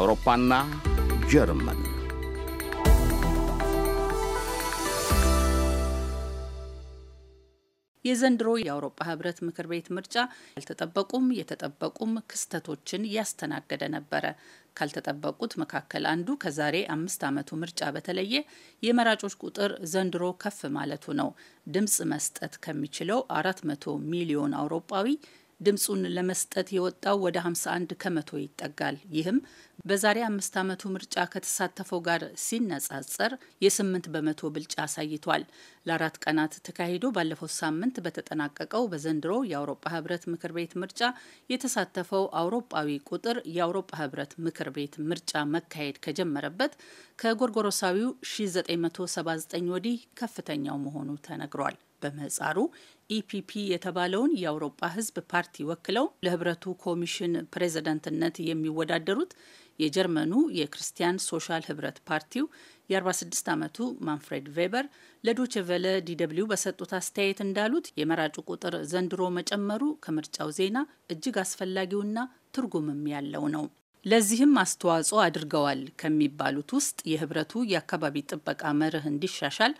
አውሮፓና ጀርመን የዘንድሮ የአውሮፓ ህብረት ምክር ቤት ምርጫ ያልተጠበቁም የተጠበቁም ክስተቶችን ያስተናገደ ነበረ። ካልተጠበቁት መካከል አንዱ ከዛሬ አምስት ዓመቱ ምርጫ በተለየ የመራጮች ቁጥር ዘንድሮ ከፍ ማለቱ ነው። ድምፅ መስጠት ከሚችለው አራት መቶ ሚሊዮን አውሮፓዊ ድምፁን ለመስጠት የወጣው ወደ 51 ከመቶ ይጠጋል። ይህም በዛሬ አምስት ዓመቱ ምርጫ ከተሳተፈው ጋር ሲነጻጸር የ8 በመቶ ብልጫ አሳይቷል። ለአራት ቀናት ተካሂዶ ባለፈው ሳምንት በተጠናቀቀው በዘንድሮ የአውሮፓ ህብረት ምክር ቤት ምርጫ የተሳተፈው አውሮፓዊ ቁጥር የአውሮፓ ህብረት ምክር ቤት ምርጫ መካሄድ ከጀመረበት ከጎርጎሮሳዊው 1979 ወዲህ ከፍተኛው መሆኑ ተነግሯል። በምህጻሩ ኢፒፒ የተባለውን የአውሮጳ ህዝብ ፓርቲ ወክለው ለህብረቱ ኮሚሽን ፕሬዝደንትነት የሚወዳደሩት የጀርመኑ የክርስቲያን ሶሻል ህብረት ፓርቲው የ46 ዓመቱ ማንፍሬድ ቬበር ለዶችቨለ ዲደብሊው በሰጡት አስተያየት እንዳሉት የመራጩ ቁጥር ዘንድሮ መጨመሩ ከምርጫው ዜና እጅግ አስፈላጊውና ትርጉምም ያለው ነው። ለዚህም አስተዋጽኦ አድርገዋል ከሚባሉት ውስጥ የህብረቱ የአካባቢ ጥበቃ መርህ እንዲሻሻል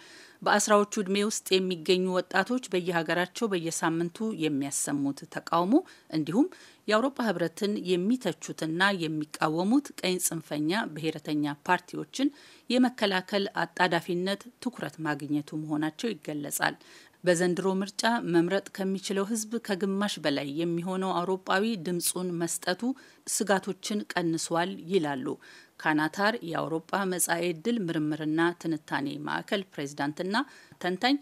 በአስራዎቹ ዕድሜ ውስጥ የሚገኙ ወጣቶች በየሀገራቸው በየሳምንቱ የሚያሰሙት ተቃውሞ እንዲሁም የአውሮፓ ህብረትን የሚተቹትና የሚቃወሙት ቀኝ ጽንፈኛ ብሔረተኛ ፓርቲዎችን የመከላከል አጣዳፊነት ትኩረት ማግኘቱ መሆናቸው ይገለጻል። በዘንድሮ ምርጫ መምረጥ ከሚችለው ህዝብ ከግማሽ በላይ የሚሆነው አውሮፓዊ ድምፁን መስጠቱ ስጋቶችን ቀንሷል ይላሉ ካናታር የአውሮፓ መጻኤ ዕድል ምርምርና ትንታኔ ማዕከል ፕሬዝዳንትና ተንታኝ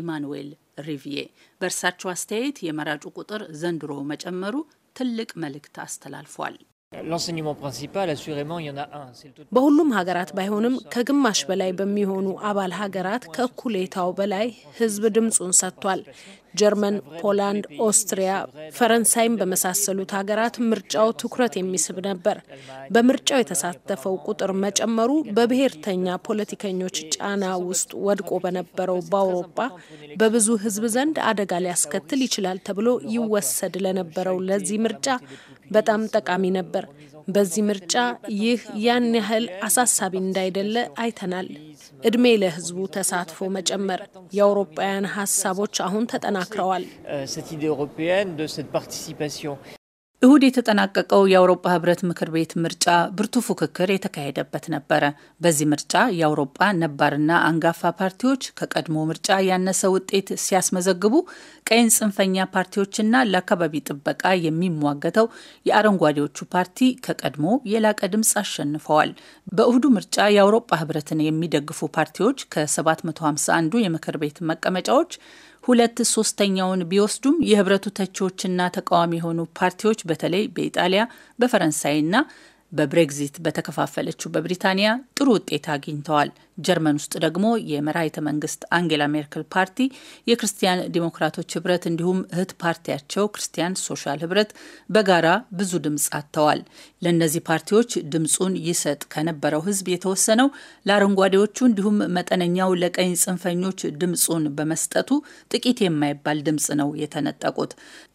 ኢማኑዌል ሪቪዬ። በእርሳቸው አስተያየት የመራጩ ቁጥር ዘንድሮ መጨመሩ ትልቅ መልእክት አስተላልፏል። በሁሉም ሀገራት ባይሆንም ከግማሽ በላይ በሚሆኑ አባል ሀገራት ከእኩሌታው በላይ ህዝብ ድምፁን ሰጥቷል። ጀርመን፣ ፖላንድ፣ ኦስትሪያ፣ ፈረንሳይም በመሳሰሉት ሀገራት ምርጫው ትኩረት የሚስብ ነበር። በምርጫው የተሳተፈው ቁጥር መጨመሩ በብሔርተኛ ፖለቲከኞች ጫና ውስጥ ወድቆ በነበረው በአውሮፓ በብዙ ሕዝብ ዘንድ አደጋ ሊያስከትል ይችላል ተብሎ ይወሰድ ለነበረው ለዚህ ምርጫ በጣም ጠቃሚ ነበር። በዚህ ምርጫ ይህ ያን ያህል አሳሳቢ እንዳይደለ አይተናል። እድሜ ለህዝቡ ተሳትፎ መጨመር። የአውሮፓውያን ሀሳቦች አሁን ተጠናክረዋል። euh, እሁድ የተጠናቀቀው የአውሮፓ ህብረት ምክር ቤት ምርጫ ብርቱ ፉክክር የተካሄደበት ነበረ። በዚህ ምርጫ የአውሮፓ ነባርና አንጋፋ ፓርቲዎች ከቀድሞ ምርጫ ያነሰ ውጤት ሲያስመዘግቡ፣ ቀይን ጽንፈኛ ፓርቲዎችና ለአካባቢ ጥበቃ የሚሟገተው የአረንጓዴዎቹ ፓርቲ ከቀድሞ የላቀ ድምፅ አሸንፈዋል። በእሁዱ ምርጫ የአውሮፓ ህብረትን የሚደግፉ ፓርቲዎች ከ751ዱ የምክር ቤት መቀመጫዎች ሁለት ሶስተኛውን ቢወስዱም የህብረቱ ተቺዎችና ተቃዋሚ የሆኑ ፓርቲዎች በተለይ በኢጣሊያ በፈረንሳይና በብሬግዚት በተከፋፈለችው በብሪታንያ ጥሩ ውጤት አግኝተዋል። ጀርመን ውስጥ ደግሞ የመራይተ መንግስት አንጌላ ሜርክል ፓርቲ፣ የክርስቲያን ዲሞክራቶች ህብረት እንዲሁም እህት ፓርቲያቸው ክርስቲያን ሶሻል ህብረት በጋራ ብዙ ድምፅ አጥተዋል። ለእነዚህ ፓርቲዎች ድምፁን ይሰጥ ከነበረው ህዝብ የተወሰነው ለአረንጓዴዎቹ እንዲሁም መጠነኛው ለቀኝ ጽንፈኞች ድምፁን በመስጠቱ ጥቂት የማይባል ድምፅ ነው የተነጠቁት።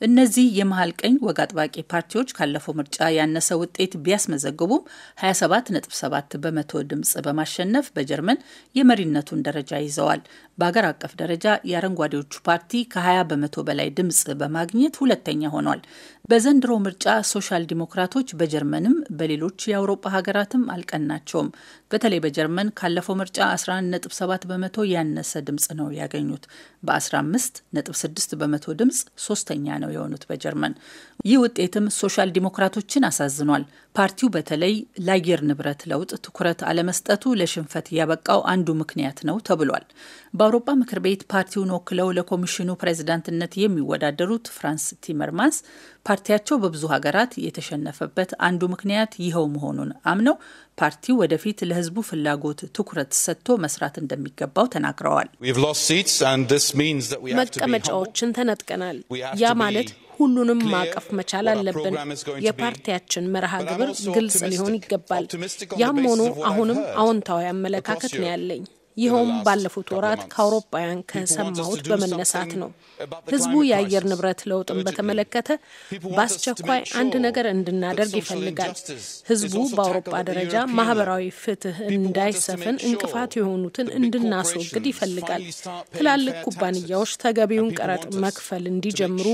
እነዚህ የመሀል ቀኝ ወግ አጥባቂ ፓርቲዎች ካለፈው ምርጫ ያነሰ ውጤት ቢያስመዘ ቢያስመዘግቡም 27.7 በመቶ ድምፅ በማሸነፍ በጀርመን የመሪነቱን ደረጃ ይዘዋል። በአገር አቀፍ ደረጃ የአረንጓዴዎቹ ፓርቲ ከ20 በመቶ በላይ ድምፅ በማግኘት ሁለተኛ ሆኗል። በዘንድሮ ምርጫ ሶሻል ዲሞክራቶች በጀርመንም በሌሎች የአውሮፓ ሀገራትም አልቀናቸውም። በተለይ በጀርመን ካለፈው ምርጫ 11.7 በመቶ ያነሰ ድምፅ ነው ያገኙት። በ15.6 በመቶ ድምፅ ሶስተኛ ነው የሆኑት በጀርመን። ይህ ውጤትም ሶሻል ዲሞክራቶችን አሳዝኗል። ፓርቲው በተለይ ለአየር ንብረት ለውጥ ትኩረት አለመስጠቱ ለሽንፈት ያበቃው አንዱ ምክንያት ነው ተብሏል። በአውሮፓ ምክር ቤት ፓርቲውን ወክለው ለኮሚሽኑ ፕሬዝዳንትነት የሚወዳደሩት ፍራንስ ቲመርማንስ ፓርቲያቸው በብዙ ሀገራት የተሸነፈበት አንዱ ምክንያት ይኸው መሆኑን አምነው ፓርቲው ወደፊት ለህዝቡ ፍላጎት ትኩረት ሰጥቶ መስራት እንደሚገባው ተናግረዋል። መቀመጫዎችን ተነጥቀናል። ያ ማለት ሁሉንም ማቀፍ መቻል አለብን። የፓርቲያችን መርሃ ግብር ግልጽ ሊሆን ይገባል። ያም ሆኖ አሁንም አዎንታዊ አመለካከት ነው ያለኝ። ይኸውም ባለፉት ወራት ከአውሮፓውያን ከሰማሁት በመነሳት ነው። ህዝቡ የአየር ንብረት ለውጥን በተመለከተ በአስቸኳይ አንድ ነገር እንድናደርግ ይፈልጋል። ህዝቡ በአውሮፓ ደረጃ ማህበራዊ ፍትህ እንዳይሰፍን እንቅፋት የሆኑትን እንድናስወግድ ይፈልጋል። ትላልቅ ኩባንያዎች ተገቢውን ቀረጥ መክፈል እንዲጀምሩ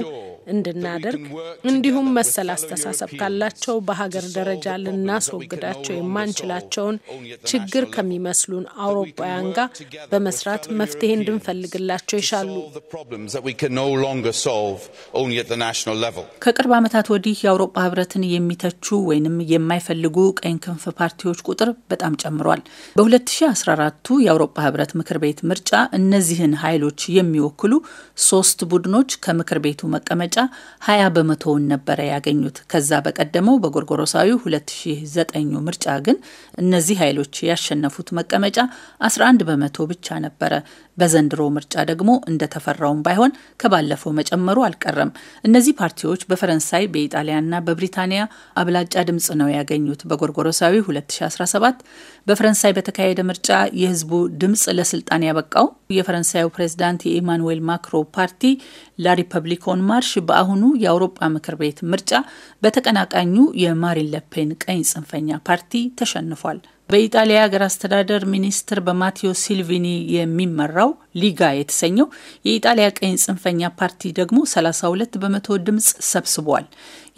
እንድናደርግ፣ እንዲሁም መሰል አስተሳሰብ ካላቸው በሀገር ደረጃ ልናስወግዳቸው የማንችላቸውን ችግር ከሚመስሉን አውሮፓውያን ጋር በመስራት መፍትሄ እንድንፈልግላቸው ይሻሉ። ከቅርብ ዓመታት ወዲህ የአውሮፓ ህብረትን የሚተቹ ወይንም የማይፈልጉ ቀኝ ክንፍ ፓርቲዎች ቁጥር በጣም ጨምሯል። በ2014ቱ የአውሮፓ ህብረት ምክር ቤት ምርጫ እነዚህን ኃይሎች የሚወክሉ ሶስት ቡድኖች ከምክር ቤቱ መቀመጫ 20 በመቶውን ነበረ ያገኙት። ከዛ በቀደመው በጎርጎሮሳዊ 2009ኙ ምርጫ ግን እነዚህ ኃይሎች ያሸነፉት መቀመጫ 11 በመቶ ብቻ ነበረ። በዘንድሮ ምርጫ ደግሞ እንደተፈራውም ባይሆን ከባለፈው መጨመሩ አልቀረም። እነዚህ ፓርቲዎች በፈረንሳይ በኢጣሊያና በብሪታንያ አብላጫ ድምፅ ነው ያገኙት። በጎርጎሮሳዊ 2017 በፈረንሳይ በተካሄደ ምርጫ የህዝቡ ድምፅ ለስልጣን ያበቃው የፈረንሳዩ ፕሬዚዳንት የኢማኑዌል ማክሮ ፓርቲ ላሪፐብሊኮን ማርሽ በአሁኑ የአውሮፓ ምክር ቤት ምርጫ በተቀናቃኙ የማሪን ለፔን ቀኝ ጽንፈኛ ፓርቲ ተሸንፏል። በኢጣሊያ ሀገር አስተዳደር ሚኒስትር በማቴዎ ሲልቪኒ የሚመራው ሊጋ የተሰኘው የኢጣሊያ ቀኝ ጽንፈኛ ፓርቲ ደግሞ 32 በመቶ ድምፅ ሰብስቧል።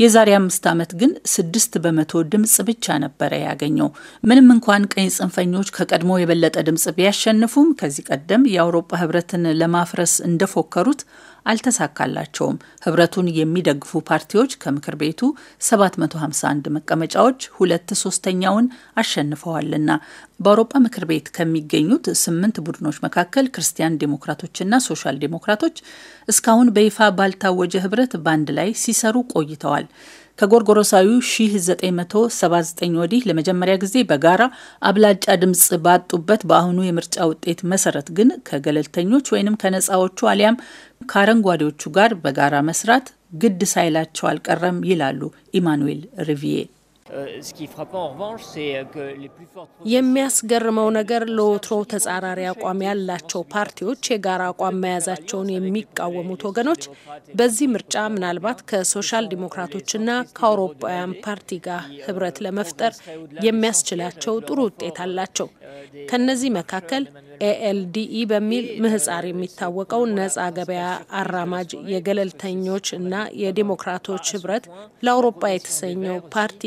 የዛሬ አምስት ዓመት ግን ስድስት በመቶ ድምፅ ብቻ ነበረ ያገኘው። ምንም እንኳን ቀኝ ጽንፈኞች ከቀድሞ የበለጠ ድምፅ ቢያሸንፉም ከዚህ ቀደም የአውሮፓ ህብረትን ለማፍረስ እንደፎከሩት አልተሳካላቸውም። ህብረቱን የሚደግፉ ፓርቲዎች ከምክር ቤቱ 751 መቀመጫዎች ሁለት ሶስተኛውን አሸንፈዋልና በአውሮፓ ምክር ቤት ከሚገኙት ስምንት ቡድኖች መካከል ክርስቲያን ዴሞክራቶችና ሶሻል ዴሞክራቶች እስካሁን በይፋ ባልታወጀ ህብረት በአንድ ላይ ሲሰሩ ቆይተዋል። ከጎርጎሮሳዊ 1979 ወዲህ ለመጀመሪያ ጊዜ በጋራ አብላጫ ድምፅ ባጡበት በአሁኑ የምርጫ ውጤት መሰረት ግን ከገለልተኞች ወይንም ከነፃዎቹ አሊያም ከአረንጓዴዎቹ ጋር በጋራ መስራት ግድ ሳይላቸው አልቀረም ይላሉ ኢማኑኤል ሪቪዬ። Euh, euh, የሚያስገርመው ነገር ለወትሮ ተጻራሪ አቋም ያላቸው ፓርቲዎች የጋራ አቋም መያዛቸውን የሚቃወሙት ወገኖች በዚህ ምርጫ ምናልባት ከሶሻል ዲሞክራቶችና ከአውሮፓውያን ፓርቲ ጋር ህብረት ለመፍጠር የሚያስችላቸው ጥሩ ውጤት አላቸው። ከነዚህ መካከል ኤኤልዲኢ በሚል ምህጻር የሚታወቀው ነጻ ገበያ አራማጅ የገለልተኞች እና የዲሞክራቶች ህብረት ለአውሮፓ የተሰኘው ፓርቲ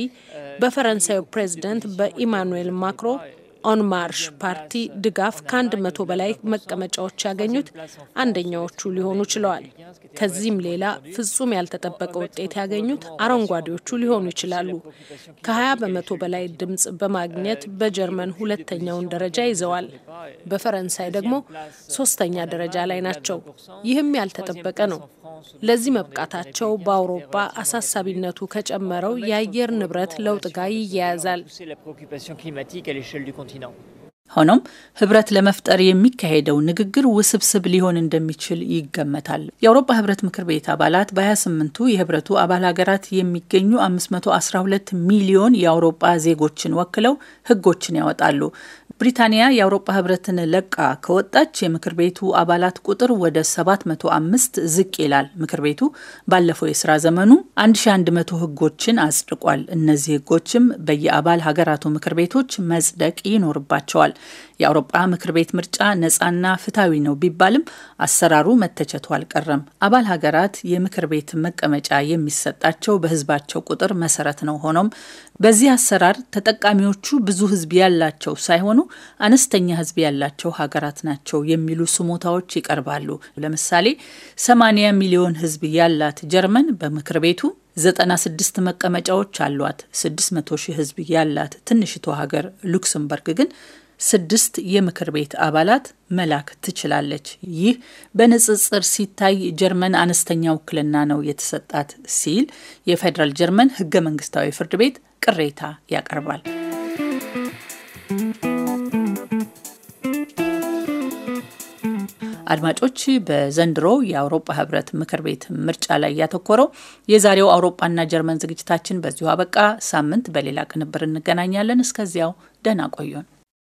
በፈረንሳዩ ፕሬዝደንት በኢማኑኤል ማክሮ ኦን ማርሽ ፓርቲ ድጋፍ ከአንድ መቶ በላይ መቀመጫዎች ያገኙት አንደኛዎቹ ሊሆኑ ችለዋል። ከዚህም ሌላ ፍጹም ያልተጠበቀ ውጤት ያገኙት አረንጓዴዎቹ ሊሆኑ ይችላሉ። ከ20 በመቶ በላይ ድምፅ በማግኘት በጀርመን ሁለተኛውን ደረጃ ይዘዋል። በፈረንሳይ ደግሞ ሶስተኛ ደረጃ ላይ ናቸው። ይህም ያልተጠበቀ ነው። ለዚህ መብቃታቸው በአውሮፓ አሳሳቢነቱ ከጨመረው የአየር ንብረት ለውጥ ጋር ይያያዛል። ሆኖም ህብረት ለመፍጠር የሚካሄደው ንግግር ውስብስብ ሊሆን እንደሚችል ይገመታል። የአውሮፓ ህብረት ምክር ቤት አባላት በ28ቱ የህብረቱ አባል ሀገራት የሚገኙ 512 ሚሊዮን የአውሮፓ ዜጎችን ወክለው ህጎችን ያወጣሉ። ብሪታንያ የአውሮፓ ህብረትን ለቃ ከወጣች የምክር ቤቱ አባላት ቁጥር ወደ 705 ዝቅ ይላል። ምክር ቤቱ ባለፈው የስራ ዘመኑ 1100 ህጎችን አጽድቋል። እነዚህ ህጎችም በየአባል ሀገራቱ ምክር ቤቶች መጽደቅ ይኖርባቸዋል። የአውሮጳ ምክር ቤት ምርጫ ነፃና ፍትሐዊ ነው ቢባልም አሰራሩ መተቸቱ አልቀረም። አባል ሀገራት የምክር ቤት መቀመጫ የሚሰጣቸው በህዝባቸው ቁጥር መሰረት ነው። ሆኖም በዚህ አሰራር ተጠቃሚዎቹ ብዙ ህዝብ ያላቸው ሳይሆኑ አነስተኛ ህዝብ ያላቸው ሀገራት ናቸው የሚሉ ስሞታዎች ይቀርባሉ። ለምሳሌ 80 ሚሊዮን ህዝብ ያላት ጀርመን በምክር ቤቱ 96 መቀመጫዎች አሏት። 600 ሺህ ህዝብ ያላት ትንሽቷ ሀገር ሉክሰምበርግ ግን ስድስት የምክር ቤት አባላት መላክ ትችላለች። ይህ በንጽጽር ሲታይ ጀርመን አነስተኛ ውክልና ነው የተሰጣት ሲል የፌዴራል ጀርመን ህገ መንግስታዊ ፍርድ ቤት ቅሬታ ያቀርባል። አድማጮች፣ በዘንድሮ የአውሮፓ ህብረት ምክር ቤት ምርጫ ላይ ያተኮረው የዛሬው አውሮፓና ጀርመን ዝግጅታችን በዚሁ አበቃ። ሳምንት በሌላ ቅንብር እንገናኛለን። እስከዚያው ደህና ቆዩን።